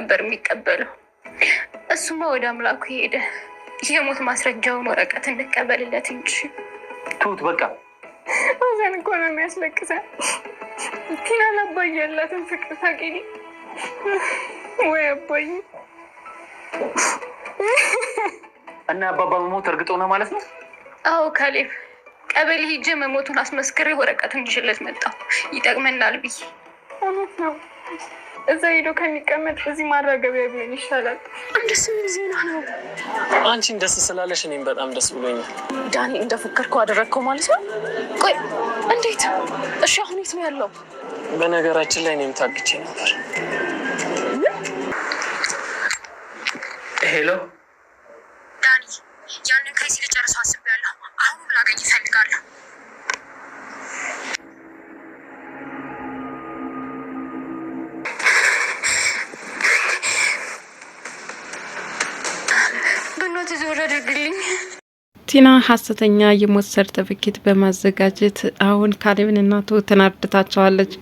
ነበር የሚቀበለው። እሱማ ወደ አምላኩ ሄደ። የሞት ማስረጃውን ወረቀት እንቀበልለት እንጂ ትሁት፣ በቃ ሀዘን እኮ ነው የሚያስለቅሰን። ቲና ለአባዬ ያላትን ፍቅር ታውቂ ወይ? አባዬ እና አባባ መሞት እርግጦ ነው ማለት ነው? አዎ ካሌብ፣ ቀበሌ ሂጄ መሞቱን አስመስክሬ ወረቀት እንድሽለት መጣሁ። ይጠቅመናል ብዬ እውነት ነው እዛ ሄዶ ከሚቀመጥ እዚህ ማራገቢያ ቢሆን ይሻላል። አንድ ስም ዜና ነው። አንቺን ደስ ስላለሽ እኔም በጣም ደስ ብሎኛል። ዳኒ እንደፎከርከው አደረግከው ማለት ነው። ቆይ እንዴት? እሺ አሁን የት ነው ያለው? በነገራችን ላይ እኔም ታግቼ ነበር። ሄሎ ዝውውር አድርግልኝ። ቲና ሀሰተኛ የሞት ሰርተፍኬት በማዘጋጀት አሁን ካሌብንና ትሁትን አርድታቸዋለች።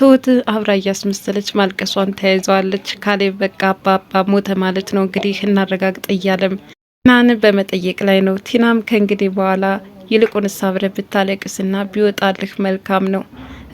ትሁት አብራ እያስመሰለች ማልቀሷን ተያይዘዋለች። ካሌብ በቃ አባባ ሞተ ማለት ነው እንግዲህ እናረጋግጥ እያለም ቲናን በመጠየቅ ላይ ነው። ቲናም ከእንግዲህ በኋላ ይልቁን ሳብረ ብታለቅስና ቢወጣልህ መልካም ነው።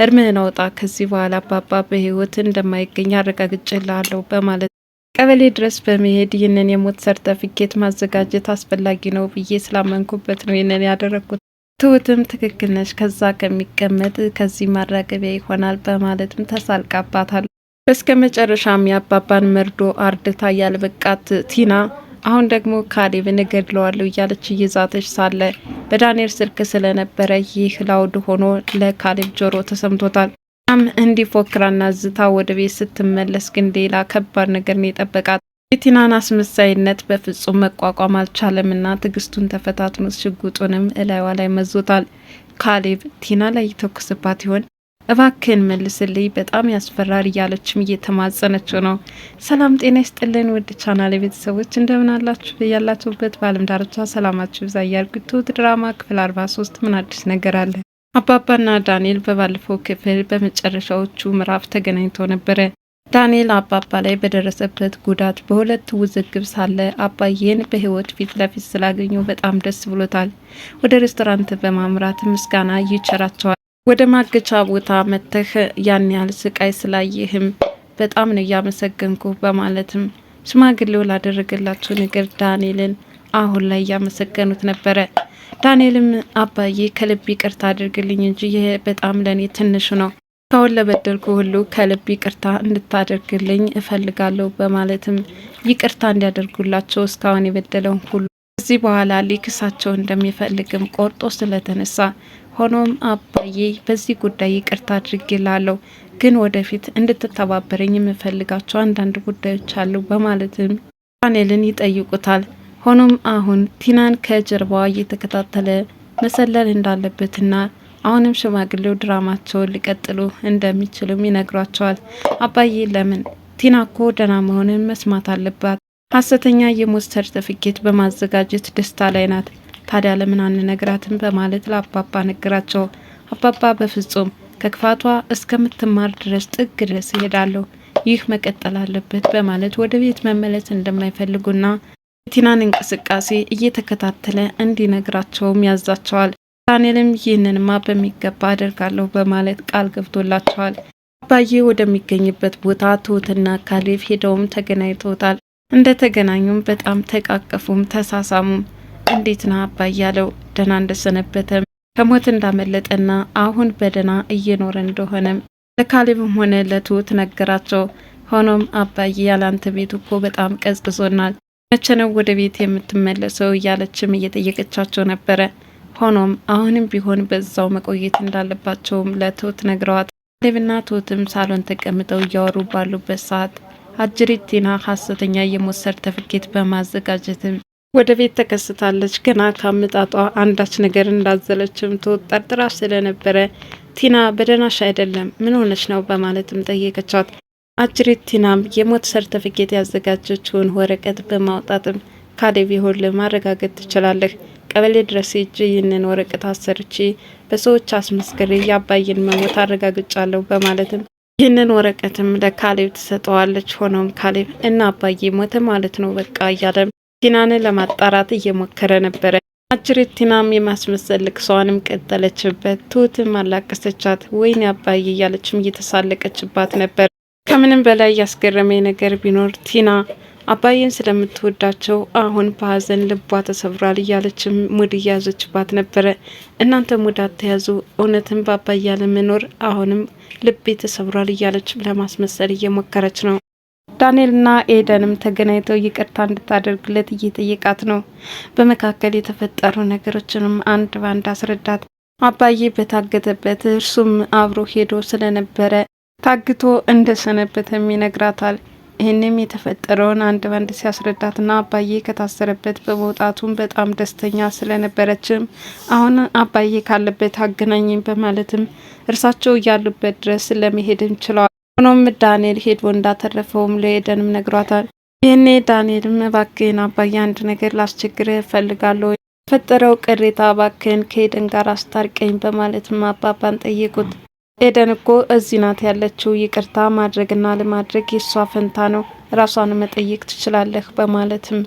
እርምህን አውጣ። ከዚህ በኋላ አባባ በህይወት እንደማይገኝ አረጋግጬልሃለሁ በማለት ቀበሌ ድረስ በመሄድ ይህንን የሞት ሰርተፊኬት ማዘጋጀት አስፈላጊ ነው ብዬ ስላመንኩበት ነው ይህንን ያደረግኩት። ትሁትም ትክክል ነች፣ ከዛ ከሚቀመጥ ከዚህ ማራገቢያ ይሆናል በማለትም ተሳልቃባታል። በስከ መጨረሻም የአባባን መርዶ አርድታ ያልበቃት ቲና አሁን ደግሞ ካሌብን እገድለዋለሁ እያለች እየዛተች ሳለ በዳንኤል ስልክ ስለነበረ ይህ ላውድ ሆኖ ለካሌብ ጆሮ ተሰምቶታል። በጣም እንዲፎክራና ዝታ ወደ ቤት ስትመለስ ግን ሌላ ከባድ ነገር ነው የጠበቃት። የቲናን አስመሳይነት በፍጹም መቋቋም አልቻለምና ትዕግስቱን ተፈታትኖ ሽጉጡንም እላይዋ ላይ መዞታል። ካሌብ ቲና ላይ የተኮሰባት ይሆን? እባክህን መልስልኝ፣ በጣም ያስፈራር እያለችም እየተማጸነችው ነው። ሰላም ጤና ይስጥልን ውድ ቻናል ቤተሰቦች እንደምን አላችሁ? ያላችሁበት በአለም ዳርቻ ሰላማችሁ ብዛ። እያልኩ ድራማ ክፍል አርባ ሶስት ምን አዲስ ነገር አለ? አባባና ዳንኤል በባለፈው ክፍል በመጨረሻዎቹ ምዕራፍ ተገናኝተው ነበረ። ዳንኤል አባባ ላይ በደረሰበት ጉዳት በሁለት ውዝግብ ሳለ አባዬን በህይወት ፊት ለፊት ስላገኘው በጣም ደስ ብሎታል። ወደ ሬስቶራንት በማምራት ምስጋና ይቸራቸዋል። ወደ ማገቻ ቦታ መጥተህ ያን ያህል ስቃይ ስላየህም በጣም ነው እያመሰገንኩ በማለትም ሽማግሌው ላደረገላቸው ነገር ዳንኤልን አሁን ላይ እያመሰገኑት ነበረ። ዳንኤልም አባዬ ከልብ ይቅርታ አድርግልኝ እንጂ ይህ በጣም ለእኔ ትንሽ ነው፣ ካሁን ለበደልኩ ሁሉ ከልብ ይቅርታ እንድታደርግልኝ እፈልጋለሁ በማለትም ይቅርታ እንዲያደርጉላቸው እስካሁን የበደለውን ሁሉ ከዚህ በኋላ ሊክሳቸው እንደሚፈልግም ቆርጦ ስለተነሳ ሆኖም አባዬ በዚህ ጉዳይ ይቅርታ አድርግላለሁ ግን ወደፊት እንድትተባበረኝ የምፈልጋቸው አንዳንድ ጉዳዮች አሉ በማለትም ዳንኤልን ይጠይቁታል። ሆኖም አሁን ቲናን ከጀርባዋ እየተከታተለ መሰለል እንዳለበትና አሁንም ሽማግሌው ድራማቸውን ሊቀጥሉ እንደሚችሉም ይነግሯቸዋል። አባዬ ለምን ቲና ኮ ደህና መሆንን መስማት አለባት። ሀሰተኛ የሞት ሰርተፍኬት በማዘጋጀት ደስታ ላይ ናት። ታዲያ ለምን አንነግራትም? በማለት ለአባባ ነገራቸው። አባባ በፍጹም ከክፋቷ እስከምትማር ድረስ ጥግ ድረስ እሄዳለሁ፣ ይህ መቀጠል አለበት በማለት ወደ ቤት መመለስ እንደማይፈልጉና የቲናን እንቅስቃሴ እየተከታተለ እንዲነግራቸውም ያዛቸዋል። ዳንኤልም ይህንንማ በሚገባ አደርጋለሁ በማለት ቃል ገብቶላቸዋል። አባዬ ወደሚገኝበት ቦታ ትሁትና ካሌብ ሄደውም ተገናኝተውታል። እንደ ተገናኙም በጣም ተቃቀፉም ተሳሳሙም። እንዴት ና አባዬ ያለው ደህና እንደሰነበተም ከሞት እንዳመለጠና አሁን በደህና እየኖረ እንደሆነም ለካሌብም ሆነ ለትሁት ነገራቸው። ሆኖም አባዬ ያላንተ ቤት እኮ በጣም ቀዝቅዞናል መቼ ነው ወደ ቤት የምትመለሰው እያለችም እየጠየቀቻቸው ነበረ። ሆኖም አሁንም ቢሆን በዛው መቆየት እንዳለባቸውም ለትሁት ነግረዋት ሌብና ትሁትም ሳሎን ተቀምጠው እያወሩ ባሉበት ሰዓት አጅሪት ቲና ሀሰተኛ የሞት ሰርተፍኬት በማዘጋጀትም ወደ ቤት ተከስታለች። ገና ከአመጣጧ አንዳች ነገር እንዳዘለችም ትሁት ጠርጥራ ስለነበረ ቲና በደናሽ አይደለም ምን ሆነች ነው በማለትም ጠየቀቻት። አጅሪት ቲናም የሞት ሰርተፊኬት ያዘጋጀችውን ወረቀት በማውጣትም ካሌብ ይሁን ለማረጋገጥ ትችላለህ። ቀበሌ ድረስ ሄጄ ይህንን ወረቀት አሰርቼ በሰዎች አስመስክሬ የአባይን መሞት አረጋግጫለሁ በማለትም ይህንን ወረቀትም ለካሌብ ትሰጠዋለች። ሆኖም ካሌብ እና አባዬ ሞተ ማለት ነው በቃ እያለም ቲናን ለማጣራት እየሞከረ ነበረ። አጅሬት ቲናም የማስመሰል ልቅሷንም ቀጠለችበት። ትሁትም አላቀሰቻት። ወይኔ አባዬ እያለችም እየተሳለቀችባት ነበር። ከምንም በላይ ያስገረመኝ ነገር ቢኖር ቲና አባዬን ስለምትወዳቸው አሁን በሀዘን ልቧ ተሰብሯል እያለችም ሙድ እያያዘችባት ነበረ። እናንተ ሙድ አትያዙ፣ እውነትም በአባዬ ያለመኖር አሁንም ልቤ ተሰብሯል እያለችም ለማስመሰል እየሞከረች ነው። ዳንኤልና ኤደንም ተገናኝተው ይቅርታ እንድታደርግለት እየጠየቃት ነው። በመካከል የተፈጠሩ ነገሮችንም አንድ ባንድ አስረዳት። አባዬ በታገተበት እርሱም አብሮ ሄዶ ስለነበረ ታግቶ እንደሰነበተም ይነግራታል። ይህንም የተፈጠረውን አንድ ባንድ ሲያስረዳትና አባዬ ከታሰረበት በመውጣቱም በጣም ደስተኛ ስለነበረችም አሁን አባዬ ካለበት አገናኝም በማለትም እርሳቸው እያሉበት ድረስ ለመሄድም ችለዋል። ሆኖም ዳንኤል ሄዶ እንዳተረፈውም ለኤደንም ነግሯታል። ይህኔ ዳንኤልም እባክህን አባዬ አንድ ነገር ላስቸግርህ እፈልጋለሁ፣ የተፈጠረው ቅሬታ እባክህን ከኤደን ጋር አስታርቀኝ በማለትም አባባን ጠየቁት። ኤደን እኮ እዚህ ናት ያለችው። ይቅርታ ማድረግና ለማድረግ የእሷ ፈንታ ነው። ራሷን መጠየቅ ትችላለህ በማለትም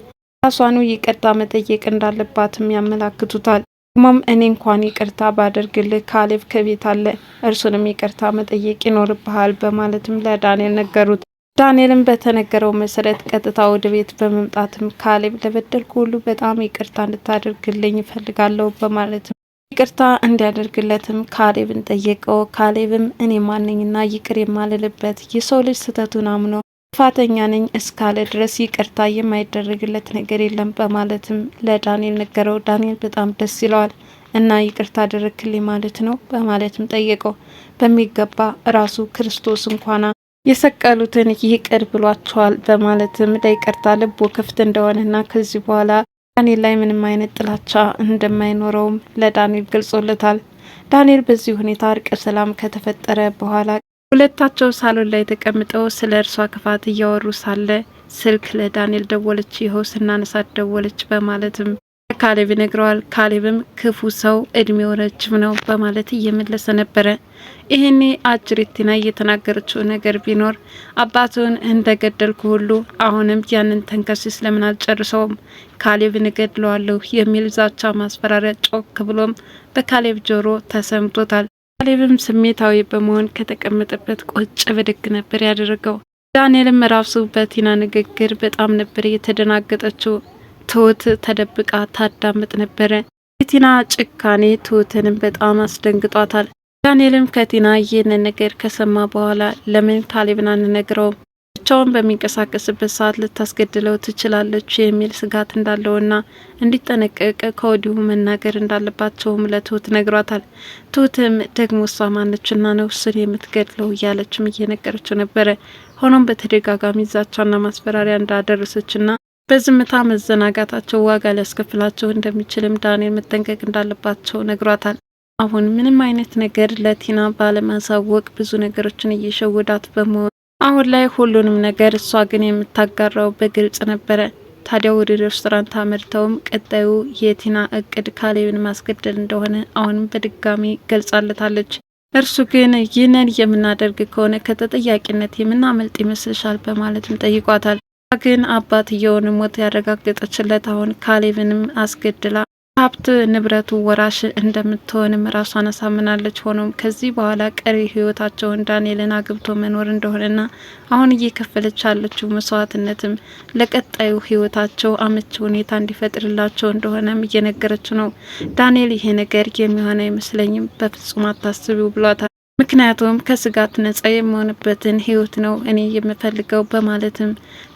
ራሷኑ ይቅርታ መጠየቅ እንዳለባትም ያመላክቱታል። ደግሞም እኔ እንኳን ይቅርታ ባደርግልህ ካሌብ ከቤት አለ፣ እርሱንም ይቅርታ መጠየቅ ይኖርብሃል በማለትም ለዳንኤል ነገሩት። ዳንኤልም በተነገረው መሰረት ቀጥታ ወደ ቤት በመምጣትም ካሌብ ለበደልኩ ሁሉ በጣም ይቅርታ እንድታደርግልኝ ይፈልጋለሁ በማለትም ይቅርታ እንዲያደርግለትም ካሌብን ጠየቀው። ካሌብም እኔ ማነኝና ይቅር የማልልበት የሰው ልጅ ስህተቱን አምኖ ጥፋተኛ ነኝ እስካለ ድረስ ይቅርታ የማይደረግለት ነገር የለም በማለትም ለዳንኤል ነገረው። ዳንኤል በጣም ደስ ይለዋል። እና ይቅርታ አደረግክልኝ ማለት ነው በማለትም ጠየቀው። በሚገባ ራሱ ክርስቶስ እንኳና የሰቀሉትን ይቅር ብሏቸዋል በማለትም ለይቅርታ ልቦ ክፍት እንደሆነና ከዚህ በኋላ ዳንኤል ላይ ምንም አይነት ጥላቻ እንደማይኖረውም ለዳንኤል ገልጾለታል። ዳንኤል በዚህ ሁኔታ እርቀ ሰላም ከተፈጠረ በኋላ ሁለታቸው ሳሎን ላይ ተቀምጠው ስለ እርሷ ክፋት እያወሩ ሳለ ስልክ ለዳንኤል ደወለች። ይኸው ስናነሳት ደወለች በማለትም ለካሌብ ይነግረዋል። ካሌብም ክፉ ሰው እድሜው ረጅም ነው በማለት እየመለሰ ነበረ። ይህኔ አጅሪቲና እየተናገረችው ነገር ቢኖር አባቱን እንደገደልኩ ሁሉ አሁንም ያንን ተንከሲስ ለምን አልጨርሰውም? ካሌብን እገድለዋለሁ የሚል ዛቻ ማስፈራሪያ ጮክ ብሎም በካሌብ ጆሮ ተሰምቶታል። ካሌብም ስሜታዊ በመሆን ከተቀመጠበት ቁጭ ብድግ ነበር ያደረገው። ዳንኤልም ራሱ በቲና ንግግር በጣም ነበር የተደናገጠችው። ትሁት ተደብቃ ታዳምጥ ነበረ። የቲና ጭካኔ ትሁትንም በጣም አስደንግጧታል። ዳንኤልም ከቲና ይህንን ነገር ከሰማ በኋላ ለምን ታሊብን አንነግረውም ብቻውን በሚንቀሳቀስበት ሰዓት ልታስገድለው ትችላለች የሚል ስጋት እንዳለውና እንዲጠነቀቅ ከወዲሁ መናገር እንዳለባቸውም ለትሁት ነግሯታል። ትሁትም ደግሞ እሷ ማነችና ነው ስል የምትገድለው እያለችም እየነገረችው ነበረ። ሆኖም በተደጋጋሚ ዛቻና ማስፈራሪያ እንዳደረሰችና በዝምታ መዘናጋታቸው ዋጋ ሊያስከፍላቸው እንደሚችልም ዳንኤል መጠንቀቅ እንዳለባቸው ነግሯታል። አሁን ምንም አይነት ነገር ለቲና ባለማሳወቅ ብዙ ነገሮችን እየሸወዳት በመሆን አሁን ላይ ሁሉንም ነገር እሷ ግን የምታጋራው በግልጽ ነበረ። ታዲያ ወደ ሬስቶራንት አመርተውም ቀጣዩ የቲና እቅድ ካሌብን ማስገደል እንደሆነ አሁንም በድጋሚ ገልጻለታለች። እርሱ ግን ይህንን የምናደርግ ከሆነ ከተጠያቂነት የምናመልጥ ይመስልሻል? በማለትም ጠይቋታል። ግን አባትየውን ሞት ያረጋገጠችለት አሁን ካሌብንም አስገድላ ሀብት ንብረቱ ወራሽ እንደምትሆንም ራሷን አሳምናለች። ሆኖም ከዚህ በኋላ ቀሪ ህይወታቸውን ዳንኤልን አግብቶ መኖር እንደሆነና አሁን እየከፈለች ያለችው መስዋዕትነትም ለቀጣዩ ህይወታቸው አመች ሁኔታ እንዲፈጥርላቸው እንደሆነም እየነገረችው ነው። ዳንኤል ይሄ ነገር የሚሆን አይመስለኝም፣ በፍጹም አታስቢው ብሏታል። ምክንያቱም ከስጋት ነጻ የምሆንበትን ህይወት ነው እኔ የምፈልገው በማለትም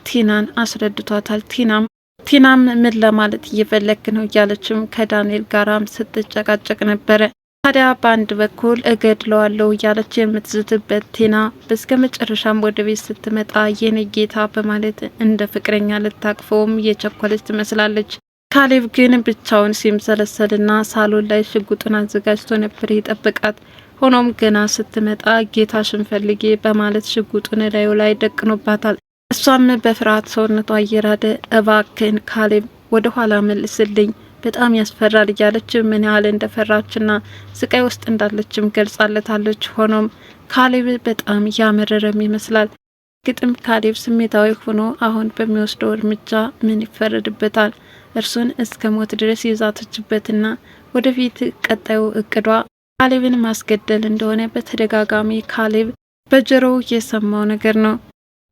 ቲናን አስረድቷታል። ቲናም ቲናም ምን ለማለት እየፈለግ ነው እያለችም ከዳንኤል ጋራም ስትጨቃጨቅ ነበረ። ታዲያ በአንድ በኩል እገድለዋለሁ እያለች የምትዝትበት ቲና በስከ መጨረሻም ወደ ቤት ስትመጣ የኔ ጌታ በማለት እንደ ፍቅረኛ ልታቅፈውም እየቸኮለች ትመስላለች። ካሌብ ግን ብቻውን ሲምሰለሰልና ሳሎን ላይ ሽጉጡን አዘጋጅቶ ነበር የጠበቃት። ሆኖም ገና ስትመጣ ጌታሽን ፈልጌ በማለት ሽጉጡን ላዩ ላይ ደቅኖባታል። እሷም በፍርሃት ሰውነቷ እየራደ እባክን ካሌብ ወደ ኋላ መልስልኝ በጣም ያስፈራል እያለች ምን ያህል እንደፈራችና ስቃይ ውስጥ እንዳለችም ገልጻለታለች። ሆኖም ካሌብ በጣም እያመረረም ይመስላል። ግጥም ካሌብ ስሜታዊ ሆኖ አሁን በሚወስደው እርምጃ ምን ይፈረድበታል? እርሱን እስከ ሞት ድረስ ይዛተችበትና ወደፊት ቀጣዩ እቅዷ ካሌብን ማስገደል እንደሆነ በተደጋጋሚ ካሌብ በጆሮው የሰማው ነገር ነው።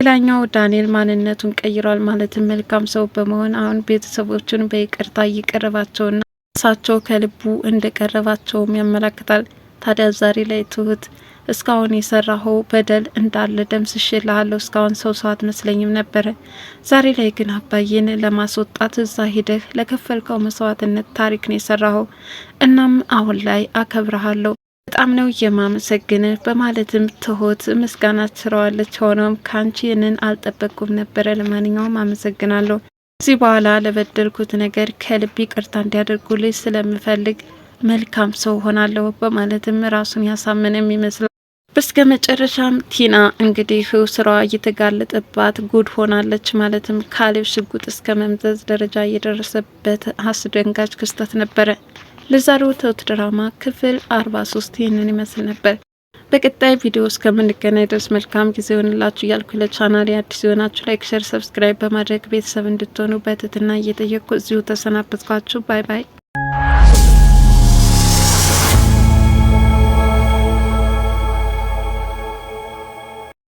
ሌላኛው ዳንኤል ማንነቱን ቀይሯል። ማለትም መልካም ሰው በመሆን አሁን ቤተሰቦቹን በይቅርታ እየቀረባቸውና እሳቸው ከልቡ እንደቀረባቸውም ያመላክታል። ታዲያ ዛሬ ላይ ትሁት እስካሁን የሰራኸው በደል እንዳለ ደምስሼ ልሃለሁ፣ እስካሁን ሰው ሰው አትመስለኝም ነበረ። ዛሬ ላይ ግን አባዬን ለማስወጣት እዛ ሂደህ ለከፈልከው መስዋዕትነት ታሪክ ነው የሰራኸው። እናም አሁን ላይ አከብረሃለሁ በጣም ነው የማመሰግን በማለትም ትሁት ምስጋና ትስረዋለች። ሆኖም ከአንቺ ይህንን አልጠበቅኩም ነበረ። ለማንኛውም አመሰግናለሁ። ከዚህ በኋላ ለበደልኩት ነገር ከልብ ይቅርታ እንዲያደርጉልኝ ስለምፈልግ መልካም ሰው ሆናለሁ በማለትም ራሱን ያሳምንም ይመስላል። በስከ መጨረሻም ቲና እንግዲህ ስራዋ እየተጋለጠባት ጉድ ሆናለች። ማለትም ካሌብ ሽጉጥ እስከ መምዘዝ ደረጃ የደረሰበት አስደንጋጭ ክስተት ነበረ። ለዛሬው ትሁት ድራማ ክፍል 43 ይህንን ይመስል ነበር። በቀጣይ ቪዲዮ እስከምንገናኝ ድረስ መልካም ጊዜ ሆንላችሁ እያልኩ ለቻናል አዲስ የሆናችሁ ላይክ፣ ሸር፣ ሰብስክራይብ በማድረግ ቤተሰብ እንድትሆኑ በትህትና እየጠየቅኩ እዚሁ ተሰናበትኳችሁ። ባይ ባይ።